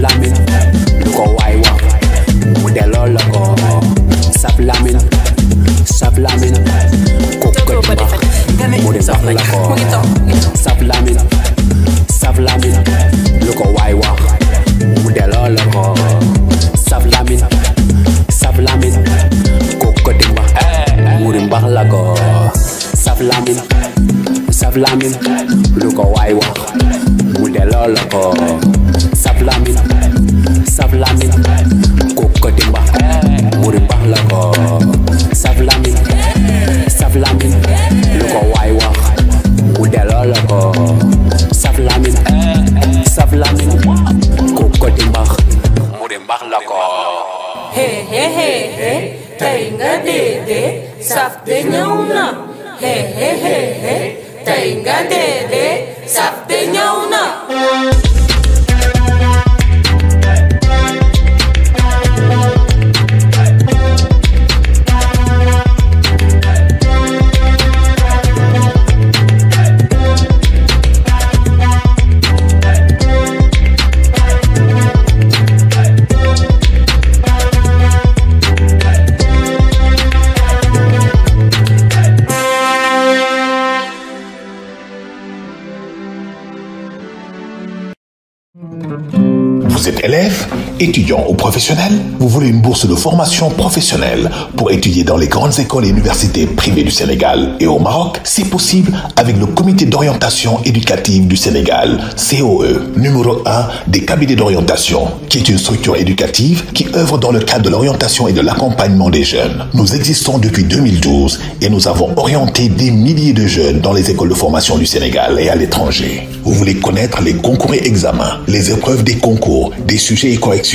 Saplamine, luko waiwa, mudelo loko Saplamine, Saplamine, kukukiba, mudiba loko Saplamine, Saplamine, luko waiwa, mudelo loko Saplamine, Saplamine, kukukiba, mudiba loko Saplamine, Savlamin, look how I walk with the lollipop. Oh. Savlamin, Savlamin, Kokotimba, Murimba loco. Oh. Savlamin, Savlamin, look how I walk with the lollipop. Oh. Savlamin, Savlamin, Kokotimba, Murimba loco. Hey, hey, hey, hey, Tenga de de, Saf de Nyona. Hey, hey, hey, hey. tey nga dee dee saf de na élèves Étudiant ou professionnel, vous voulez une bourse de formation professionnelle pour étudier dans les grandes écoles et universités privées du Sénégal et au Maroc, c'est possible avec le Comité d'orientation éducative du Sénégal, COE, numéro 1 des cabinets d'orientation, qui est une structure éducative qui œuvre dans le cadre de l'orientation et de l'accompagnement des jeunes. Nous existons depuis 2012 et nous avons orienté des milliers de jeunes dans les écoles de formation du Sénégal et à l'étranger. Vous voulez connaître les concours et examens, les épreuves des concours, des sujets et corrections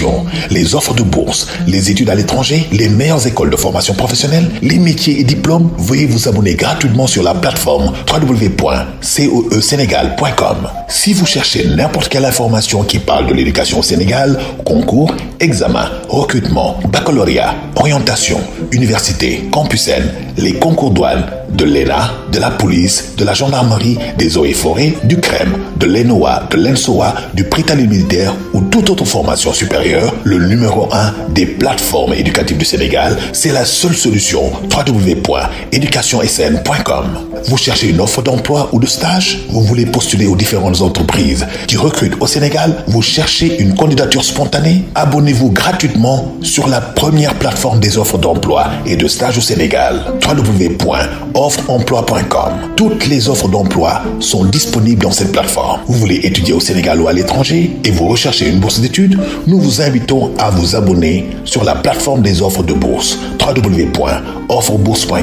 les offres de bourses, les études à l'étranger, les meilleures écoles de formation professionnelle, les métiers et diplômes, veuillez vous abonner gratuitement sur la plateforme www.coesénégal.com. Si vous cherchez n'importe quelle information qui parle de l'éducation au Sénégal, concours, examens, recrutement, baccalauréat, orientation, université, campus N, les concours douanes, de l'ENA, de la police, de la gendarmerie, des eaux et forêts, du crème, de l'ENOA, de l'ENSOA, du Prétalu militaire toute autre formation supérieure, le numéro 1 des plateformes éducatives du Sénégal, c'est la seule solution www.educationsn.com. Vous cherchez une offre d'emploi ou de stage Vous voulez postuler aux différentes entreprises qui recrutent au Sénégal Vous cherchez une candidature spontanée Abonnez-vous gratuitement sur la première plateforme des offres d'emploi et de stage au Sénégal, www.offreemploi.com. Toutes les offres d'emploi sont disponibles dans cette plateforme. Vous voulez étudier au Sénégal ou à l'étranger et vous recherchez une d'études, nous vous invitons à vous abonner sur la plateforme des offres de bourse www.offrebourse.com.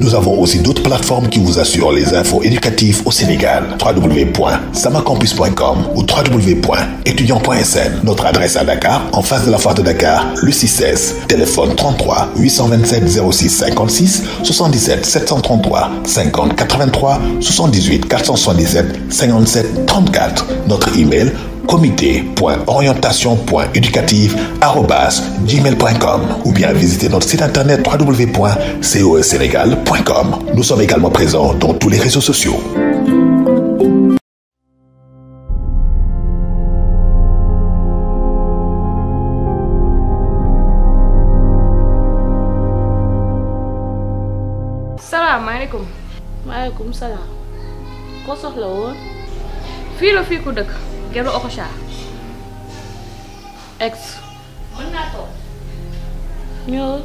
Nous avons aussi d'autres plateformes qui vous assurent les infos éducatives au Sénégal www.samacampus.com ou www.étudiant.sn. Notre adresse à Dakar, en face de la foire de Dakar, le 16, téléphone 33 827 06 56 77 733 50 83 78 477 57 34. Notre email comité.orientation.educative@gmail.com ou bien visiter notre site internet www.cosénégal.com. Nous sommes également présents dans tous les réseaux sociaux. Salam salaam gelo ako siya. Ex. Mën na to. Ñol.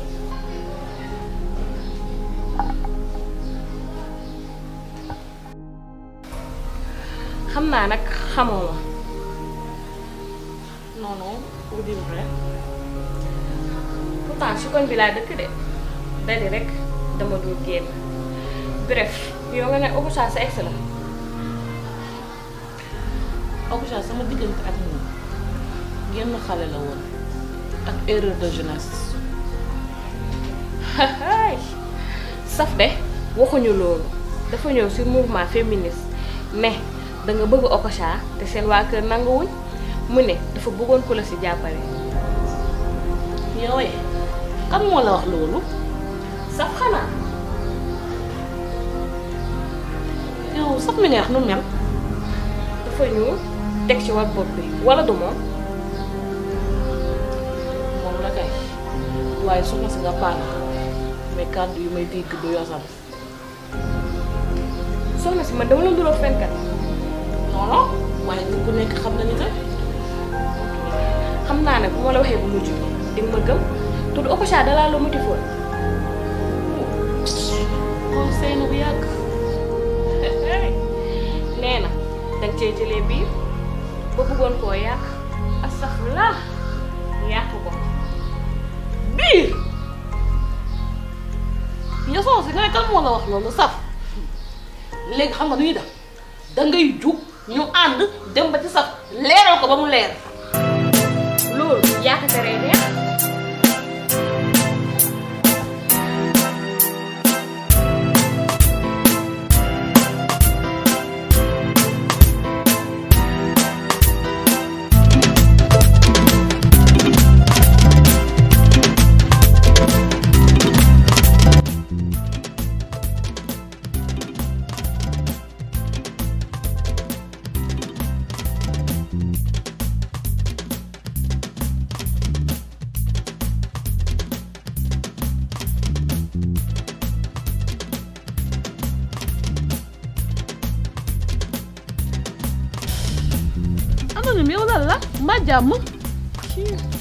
Xam naa nag no ma. Non non, pour dire vrai. Pourtant, su koñ Dali rek dama dul Bref, nga sa ex Abuja sama diggante ak moom genn xale la woon ak erreur de jeunesse saf de waxuñu loolu dafa ñëw ci mouvement féministe ne da bëgg Okocha te seen waa kër nanguwuñ mu ne dafa bëggoon ku la ci jàppale. yowee kan moo la wax loolu saf xanaa yow saf mi nu mel dafa ñëw. teg ci wàllu bopp bi du moom moom la kay waaye soxna si nga paal mais kàddu yu may dégg du yosal soxna si man dama la dural fenkat non non waaye nit ku nekk xam na ni nag xam naa ne bu ma la waxee bu mujj di nga ma gëm te du Okocha dalaa la muti foon bu yàgg nee na danga cee ba bëggoon koo yàq astaxfirullah yàq ko biir yow soo si nga ne kan moo la wax loolu saf léegi xam nga nu ñuy def da ngay jug ñu ànd dem ba ci saf leeral ko ba mu leer loolu yaakaar naa jàmm.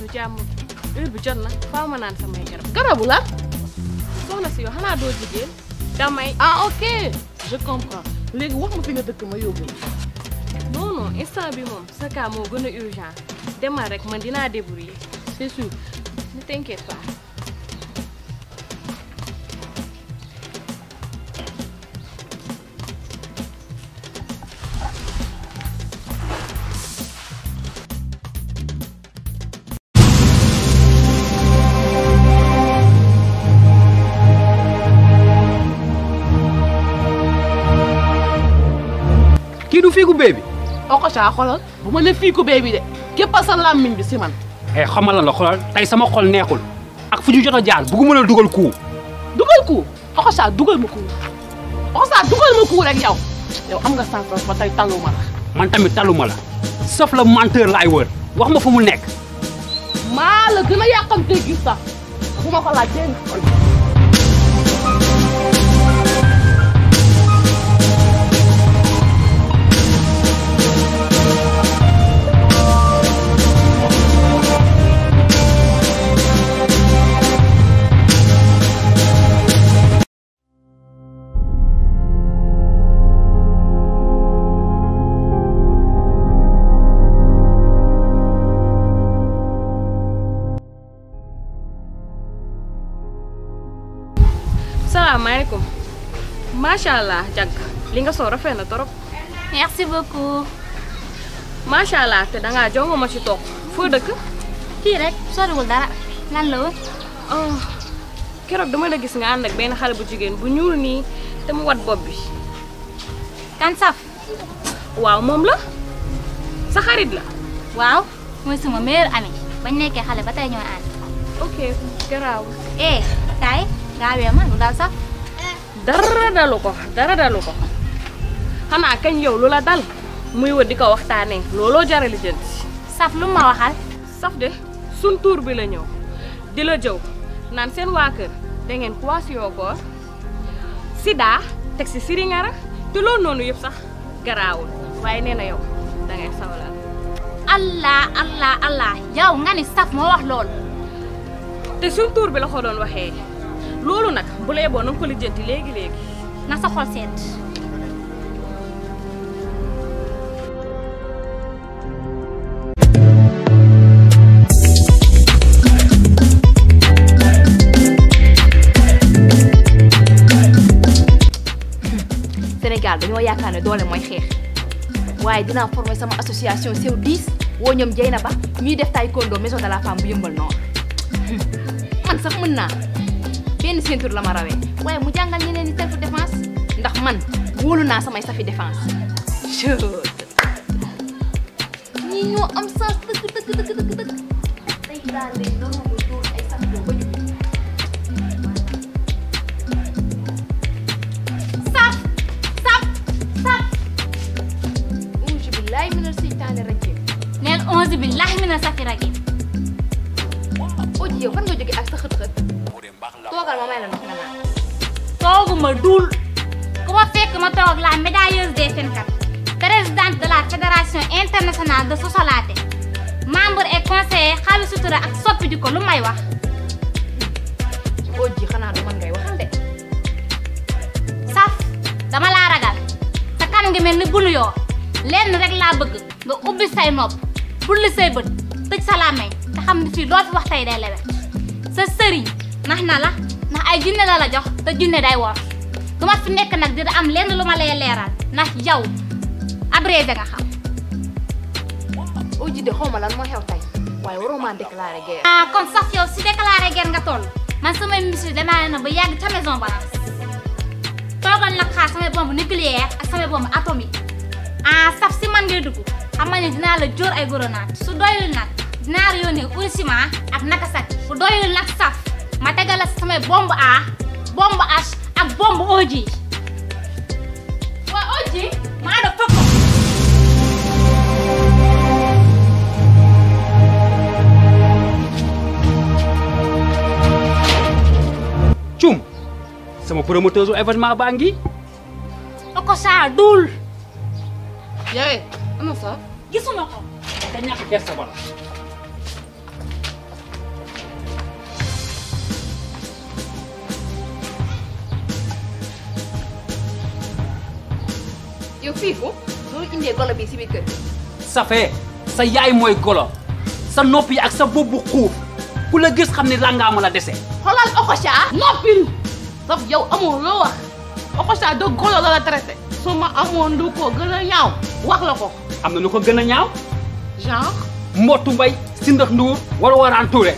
du jàmm heure bu jot na faaw ma naan samay garab. garabu la. soxna si yow xanaa doo jigéen. damay ah ok. je comprends léegi wax ma fi nga dëkk ma yóbbu. non instant bi sa cas moo urgent demal rek man dinaa débrouiller c'est sûr ne t'inquiète pas. fii ku bee bi. Okocha bu ma ne fii ku bi de képp sa làmmiñ bi si man. eh xamal la xoolal tey sama xol neexul ak fu ñu jot a jaar bëgguma la dugal kuu. dugal kuu Okocha dugal ma kuu Okocha dugal ma kuu rek yow yow am nga sens ba tey tallu ma la. man tamit tallu ma la saf la wër wax ma fu mu nekk. maa la gën a yàqamtee gis sax bu ma ko laaj salaamaaleykum macha allah jag Linga nga soo rafet na torop merci beaucoup macha allah te da ngaa jongo ma ci toog foo dëkk fii rek dara lan la oh keroog dama la gis nga bener ak benn xale bu jigéen bu ñuul te mu wat bopp bi kan saf waaw mom la sa xarit la waaw mooy sama meilleur ami bañ nekkee xale ba tey eh kaay gaawee ma lu daal dara dalu ko dara dalu ko xanaa kañ yow lu la dal muy wër di ko waxtaanee looloo jarale a lijjanti saf lu ma waxal saf de sun tuur bi la ñëw di la jëw naan seen waa kër da ngeen poisson koor sida teg si siringara te loolu noonu yëpp sax garaawul waaye nee na yow da ngay sawlal allah allah allah nga ni saf moo wax loolu te sun bi la ko doon waxee loolu nag bu la yeboo na nga ko lijjanti léegi léegi. na sa xol seet. Sénégal dañoo yaakaar ne doole mooy xeex waaye dinaa former sama association sew 10 woo ñoom Dieyna Ba ñuy def tay maison de la bu yëmbal noor man sax mën naa. ben ceinture la ma rawé way mu jangal ñeneen ni self défense ndax man wolu na sama safi défense ñi ñu am sens dëgg dëgg dëgg dëgg dëgg day daal leen noonu neen onze yow fan nga ak sa toogal ma may ku ma fekk ma toog la médailleuse des fenkat présidente de la fédération internationale de sosolaate membre et conseiller xaalis ak soppi di ko lu may wax. saf dama laa ragal sa kanam ngi mel ni bulu yoo lenn rek laa bëgg nga ubbi say nopp bulli say bët tëj sa làmmeñ ni fi wax tey day lewet sa nah na la nah ay jinne la la jox te jinne day wor du fi nek nak dina am lenn luma lay leral nah yow abrevé nga xam uji de xawma lan mo xew tay waaye waro ma déclarer guerre ah kon sax yow si déclarer guerre nga ton man samay mission démarré na ba yag ta maison ba togal la xaar sama bombe nucléaire ak sama bombe atomique ah sax si man ngay dugg xam dina la jor ay grenade su doyul nak dinaa la yónnee ak Nagasaki bu doyul nak saf ma tegalal samay bombe A bombe H ak bombe oji waa oji ma ànd ak fokk sama promoteur su événement baa ngi oko saa duul yooyu ama fa gisuma ko te ñàkk kersa bala yow fii ko loolu indee golo bi si biir kër gi. Safee sa yaay mooy golo sa nopp yi ak sa boobu xuur ku la gis xam ne rangaama la dese. xoolal Okocha. noppil saf yow amoo loo wax Okocha de golo la la traité. su ma amoon lu gën a ñaaw wax la ko. am na lu ko gën a ñaaw. genre. Mbottu Mbay si ndax Ndour wala waraan Touré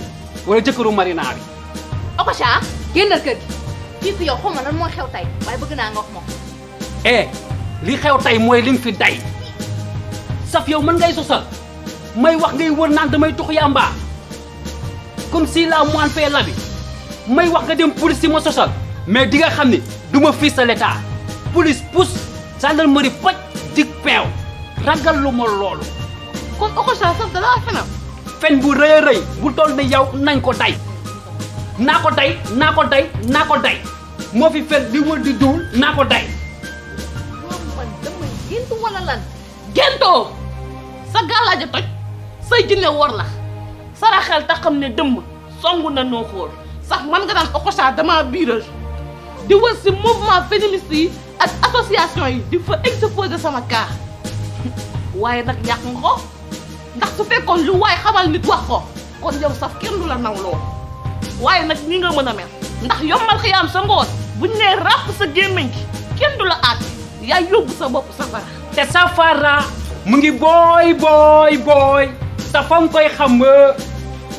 wala jëkkëru Marina bi. Okocha génnal kër gi fii ko yow xaw moo xew tey waaye bëgg naa nga wax moom. li xew tey mooy lim fi day saf yow mën ngay sosal may wax ngay wër naan damay tux yàmba comme si la moine fait may wax nga dem police si ma sosal mais di nga xam ni duma ma fils de l'État police pousse gendarmerie poj dig peew ragal lu ma loolu kon okosa saf dalaa fenam fen bu rëy rëy bu toll ne yow nañ ko day naa ko day naa ko day naa ko day moo fi fen di wër di duul naa ko day séentoo sa gàllaaj toj say jinne wor la saraxel ta xam ne dëmm songu na noo sax man nga naan okocha dama biiral di wër si mouvement féministe yi ak association yi di fa exposer sama cas waaye nag ñàkk ko ndax su fekkoon lu waaye xamal nit wax ko kon yow sax kenn du la nawloo waaye nag ni nga mën a mel ndax yombal xiyaam sa ngoon buñ nee ràpp sa gémmiñ gi kenn du la aat yaay yóbbu sa bopp sa te safara mu ngi booy booy booy te fa nga koy xam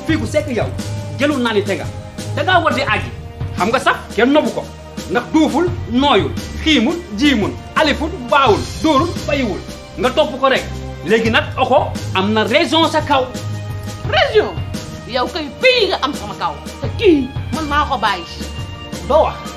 fii ku sekk yow jëlu naa ni te nga da ngaa war di aji xam ga sax kenn nobu ko ndax duuful nooyul xiimul jiimul aliful baawul dóorul bayiwul nga topp ko rek léegi nag oxo am na raison sa kaw raison yow kay pays nga am sama kaw man maa ko doo wax